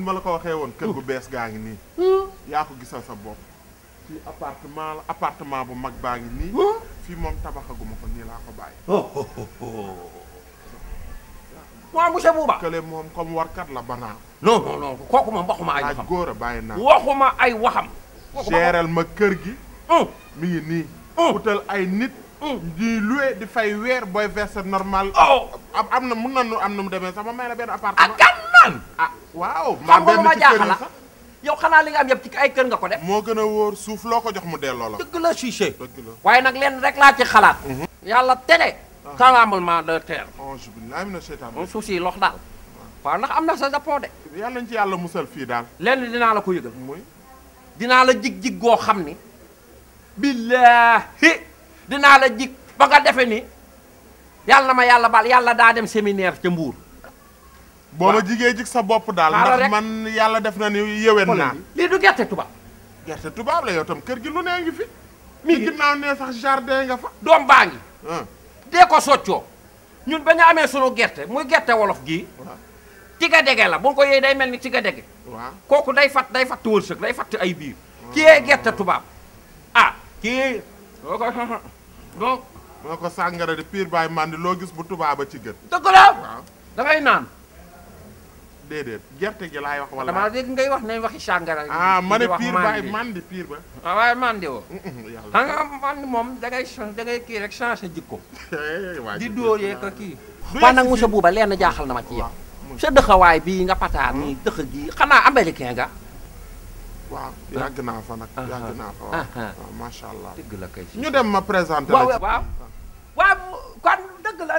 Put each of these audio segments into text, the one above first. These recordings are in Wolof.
ni ma la ko waxee woon kër gu bees gaa ngi nii hmm. yaa ko gisal sa bopp fii appartement la appartement bu mag baa ngi nii hmm. fii moom tabaxaguma ko nii laa ko bàyyi waaw monsieur Bouba kële moom comme warkat la banaa non non non kooku moom waxuma ay waxam góor a bàyyi naa waxuma ay waxam géral ma kër gi hmm. mi ngi nii utal ay nit di loué di fay weer booy verser normal oh. am na mun na nu am na mu demee sama ma may la benn appartement naan. ah waaw xam nga na ma jaaxala yow xanaa li nga am yëpp ci ay kër nga ko def. moo gën a wóor suuf loo ko jox mu delloo la. dëgg la Cissé. dëgg waaye nag leen rek laa ci xalaat. Mhm. yàlla tere. Ah. tremblement de terre. moom suuf si lox daal. waaw ndax am na sa japon de. yàlla nañ ci yàlla musal fii daal. leen dinaa la ko yëgal. muy dinaa la jig jig goo xam ni. billaahi dinaa la jig ba nga defe ni yàlla na ma yàlla baal yàlla daa dem séminaire ca Mbuur. boo ma jigéen jig sa bopp daal ndax man yàlla def na ni yëwen naa lii du gerte tubaab gerte tubaab la yow tam kër gi lu nee ngi fi mi ngi ginnaaw nee sax jardin nga fa doom baa ngi dee ko soccoo ñun ba ñu amee sunu gerte muy gerte wolof gii tiga dege la bu ko yëy day mel ni tiga dege waaw kooku day fat day fatt wërsëg day fatt ay biir kii yee gerte tubaab ah kii doo ko donc moo ko sàngara di piir baay màndi loo gis bu tubaab a ci gën dëgg la da ngay naan déedéet gerte gi laa wax. wala damaa dégg ngay wax nañ waxi sàngara. ah ma ne piir baay mandi piir ba. ah waaye mandi woo. yàlla xam nga mandi moom dangay dangay kii rek changé jikko. Eh, eh, eh, di dóoree ko kii. waaw nag monsieur Bouba lenn jaaxal na ma ci yow. Mm. sa dëxawaay bii nga pataar nii dëx gi xanaa américain nga. waaw yàgg naa fa nag. yàgg uh-huh. naa fa uh-huh. waaw ñu dem ma présenté. waaw waaw waaw kon dëgg la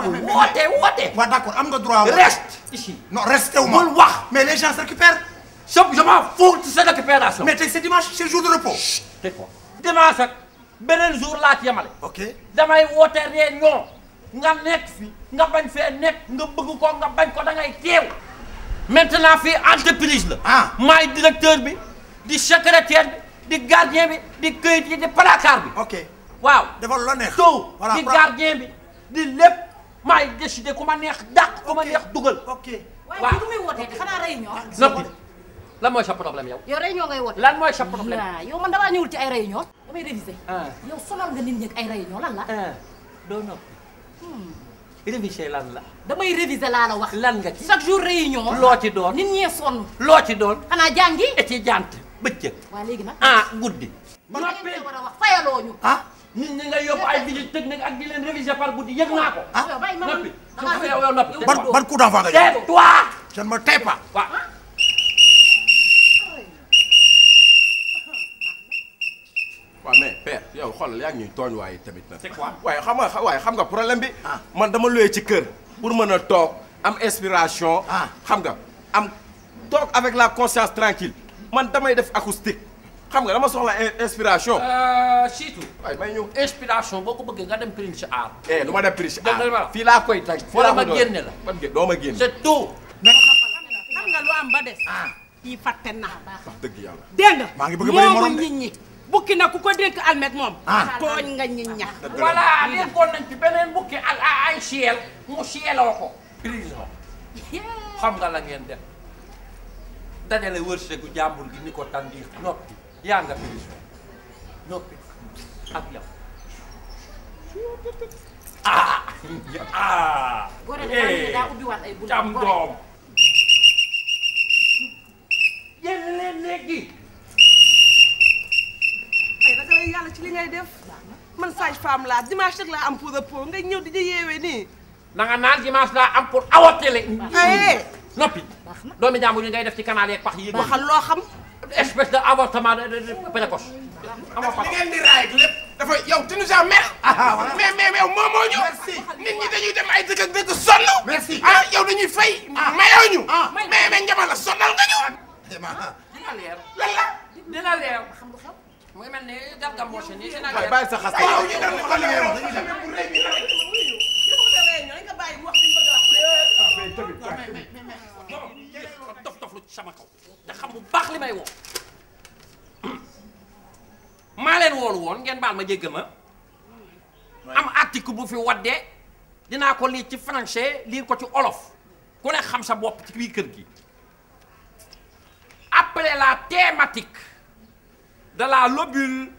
parole woote woote. waaw d'accord am nga droit. reste ici non reste wu ma bul wax. mais les gens se récupèrent. je je m'en fous de cette récupération. mais tey c'est dimanche c'est de repos. c'est quoi beneen jour laa ci yemale. ok damay woote réunion nga fi nga bañ fee bëgg ko nga bañ ko da ngay teew. maintenant fii entreprise la. ah directeur bi di secrétaire bi. di gardien bi di këyit yi di placard bi. waaw defal di gardien bi di lépp. maay décidé ku ma neex dàq ku ma neex dugal. ok waaw waaye bu muy wootee xanaa réunion. oo lan mooy sa problème yow. yow réunion ngay woote. lan mooy sa problème yow man damaa ñëwul ci ay réunion. damay réviser. Ah. yow sonal nga nit ñi ak ay réunion lan la. Ah. doo noppi. Hmm. réviser lan la. damay réviser laa la wax. lan nga ci chaque jour réunion. loo ci doon nit ñee sonn. loo ci doon. xanaa jàngi. et ci jant bëccëg. waa léegi nag ah guddi. noppi man war a wax fayaloo ñu. ah. nit ñi ngay yóbbu ay visite ak di leen réviser par guddi yëg naa ko. ah ban ban coup d'envoi nga jox c'est toi. je ne me tais yow xoolal yaa ngi ñuy tooñ waaye tamit nag. c'est waaye xam nga waaye xam nga problème bi. Ah. man dama luwee ci kër. pour mën a toog am inspiration. Ah. xam nga am toog avec la conscience tranquille man damay def acoustique. xam nga dama soxla inspiration. surtout. Euh, waay ñëw inspiration boo ko bëggee nga dem Prince Art. eh du ma dem Prince Art fii laa koy taj. fii laa ma génne la fan doo ma génne. c'est tout. mais xam nga lu am ba des. Ah. kii fàtte na. wax dëgg yàlla. dégg nga maa ngi bëgg bëri morom ñi. bukki na ku ko dénk almet moom. Ah. tooñ nga nit ña. voilà dénkoon nañ ci beneen bukki al ay ciel mu cieloo ko. prison xam nga la ngeen def dajale wërsëgu jàmbur gi ni ko tàndiix noppi. yaa nga prison noppi ak yow ah cam doom génn leen néeg gi ay naka lay yàlla ci li ngay def man sage femme laa dimanche rek laa am pour repos ngay ñëw di yeewee nii na nga naan dimanche laa am pour awootele noppi doomi jàmbur yi ngay def ci canal yeeg pax yi waxal loo xam espèce de avortement précoce. avortement li ngeen di raay ak lépp dafa yow tu nous as mer. Ah, ah, mais mais mais moom moo ñu. merci nit ñi dañuy dem ay dëkk ak dëkk sonn. merci ah yow dañuy fay. ah mayoo ñu. ah mais mais njaboot la sonnal nga ñu. Ah. dina leer. lan la. dina leer xam nga xew. mu ngi mel ni daf nga mboose nii dina leer. bàyyi sa xas yow ñu dem xool ngeen wax. ñu ko bàyyi wax li mu bëgg a wax. sama kaw te xam bu baax li may woo hmm. maa leen woolu woon ngeen baal ma jéggal ma am article bu fi waddee dinaa ko lire ci français lii ko ci olof ku ne xam sa bopp ci biir kër gi appeler la thématique de la lobule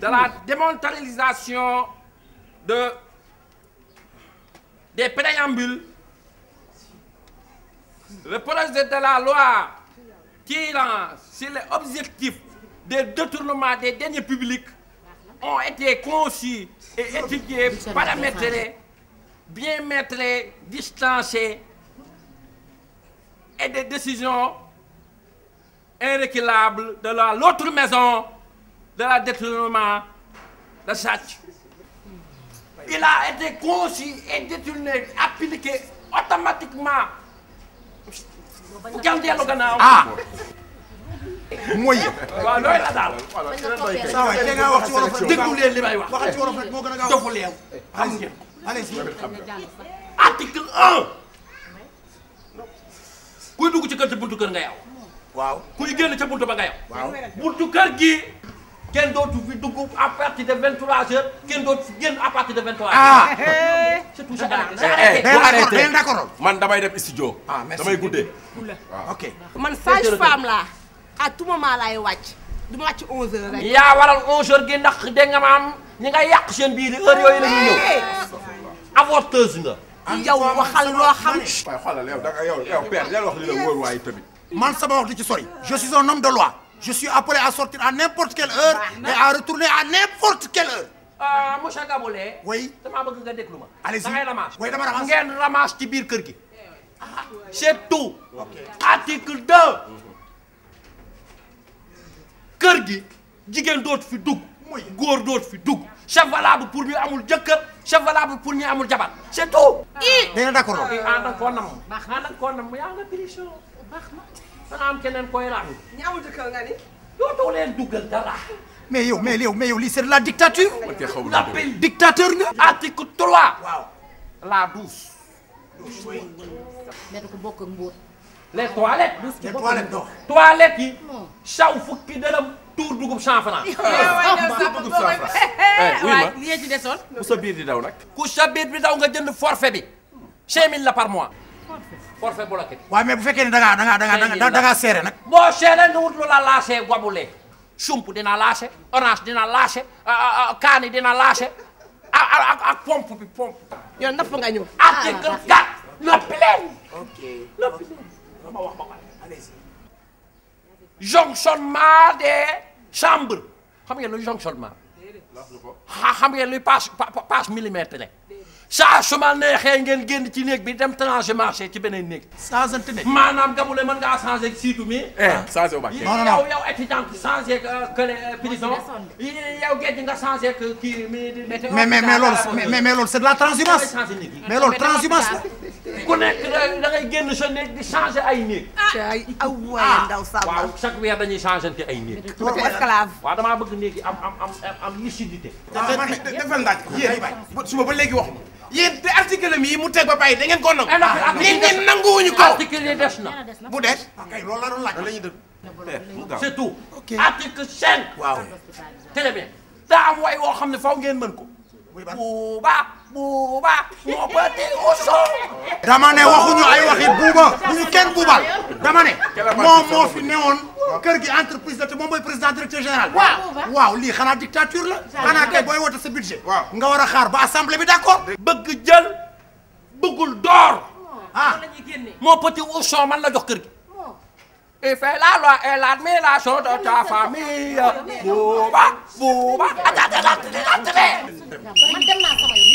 de la dématérialisation de des préambules le projet de la loi tirant sur les objectifs de détournements des deniers publics ont été conçus et étudiés, paramétrés, bien maîtrisés, distancés et des décisions irréculables de l'autre maison de la détournement de Satch. Il a été conçu et détourné, appliqué automatiquement bu jam dellu gannaaw ah mooy waaw looy la daal saa waay da ngaa wax ci wolof leen li may wax waxal ci wolof rek moo gën a gaaw dofu leew xam ngeen allez article dugg ci kër ci buntu kër nga yaw waaw kuy génn ca buntu ba nga yaw buntu gi kenn dootu fi dugg à partir de 23h kenn dootu fi génn à partir de 23h. ah c'est tout eh, eh, eh, arrêté d'accord man damay def studio. ah merci damay guddee. waaw ah. ok. man sage femme laa à tout moment laay wàcc du ma wàcc 11 yaa waral 11h gi ndax dégg nga ma am ñi nga yàq seen biir heure yooyu la ñuy ñëw. avorteuse nga. Ah, yow waxal loo xam. waaye xoolal yow da nga man sama wax du ci sori. je suis un de loi. je suis appelé à sortir à n'importe quelle heure et à retourner à n'importe quelle heure euh, monsieur Gaboulé oui damaa bëgg nga déglu ma allez-y da ngay ramasse oui dama ramasse ngeen ramasse ci biir kër gi eh ah, c'est tout article deux kër gi jigéen dootu fi dugg góor dootu fi dugg c'est valable pour ñu amul jëkkër c'est valable pour ñu amul jabar c'est tout i ah. da nga d'accord d'accord ah, nam ma nga d'accord nam yaa nga prision baax na dana am keneen koy ràng. ñi amul jëkkër nga ni. yoo doo leen duggal dara. mais yow mais yow mais yow lii c'est la dictature. l'appel dictateur nga. article trois. waaw la douce. mais da ko bokk ak mbóot. les toilettes. douce ci toilettes ndox. toilettes yi. saw fukki dërëm tuur dugub cent franc. dugub eh cent franc. waaw li ci desoon. ku sa biir di daw nag. ku sa biir bi daw nga jënd forfait bi. cinq mille la par mois. forfait bloqué mais bu fekkee ne da ngaa da ngaa da boo seere nga wut lu la laasee gobule. sump dina laase orange dina laase kaani dina laase ak ak pompe bi pompe. nga ñëw. article ah, 4. noppi leen. ok noppi leen. dama wax ba pare allez-y. jonctionnement des chambres xam ngeen saa su ma neexee ngeen ci néeg bi dem tranché marché ci beneen néeg. changé néeg maanaam Gamboule mën ngaa changé siitu mi. Eh, changé wu ba kii non yow yow étudiante changé euh, kële euh, prison. yow géej nga changé kii mi di. mais mais mais loolu mais mais loolu c'est de la transhumance. mais loolu transhumance la. ku nekk da génn sa néeg di changé ay néeg. Ah, te ay ah, aw waaye ah, ndaw Samba waaw chaque weer dañuy changé ay néeg. loolu esclave. waaw damaa bëgg néeg yi am am am am lucidité. waaw man de defal ndaaj yéen ba léegi waxuma. yéen te article am yi mu teg ba bàyyi da ngeen ko nangu. Eh, nit ñi nanguwuñu ko. article yi na bu des. kay loolu la doon laaj la ñuy def. Eh, c'est tout. article 5. waaw très bien. daa am way woo xam ne faw ngeen mën ko. buuba buuba bu ba di uso. dama ne waxuñu ay waxi buuba bu ñu kenn buubal dama ne. moom moo fi newoon. kër gi entreprise la te moom mooy président directeur général. waaw waaw lii xanaa dictature la. xanaa kay booy wote sa budget. waaw nga war a xaar ba assemblée bi d'accord. bëgg jël bëggul door. Oh, ah moo petit ourson man la jox kër gi. Oh. il fait la loi et l'admiration de ta famille. Oh, buuba buuba attendez attendez attendez. man dem naa sama yoon.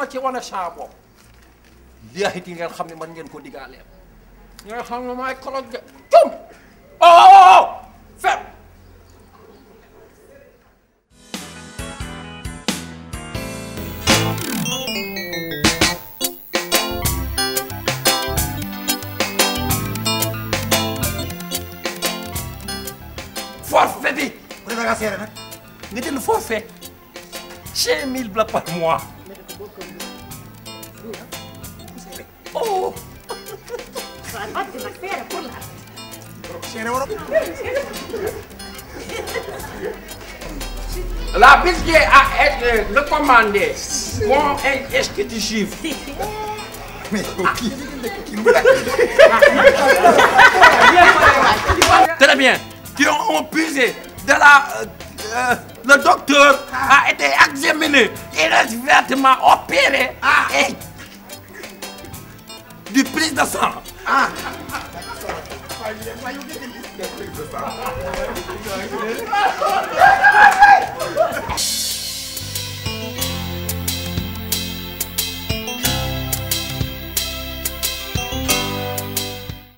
ma ci wane saa bopp jeexit yi ngeen xam ne man ngeen ko digaalee ngeen xam ne maay koloj de cum oh, oh, oh, oh! fépp forfait bi bu dee da ngaa seere nag nga jënd forfait cinq mille la par mois Åh! Vaatimat vielä kullat. Seuraava. La biscuit à être recommandée pour un institutif. Très bien. Qui ont, ont puisé de la euh, le docteur ah. a été examiné et régulièrement opéré ah. et du prise de sang. Ah.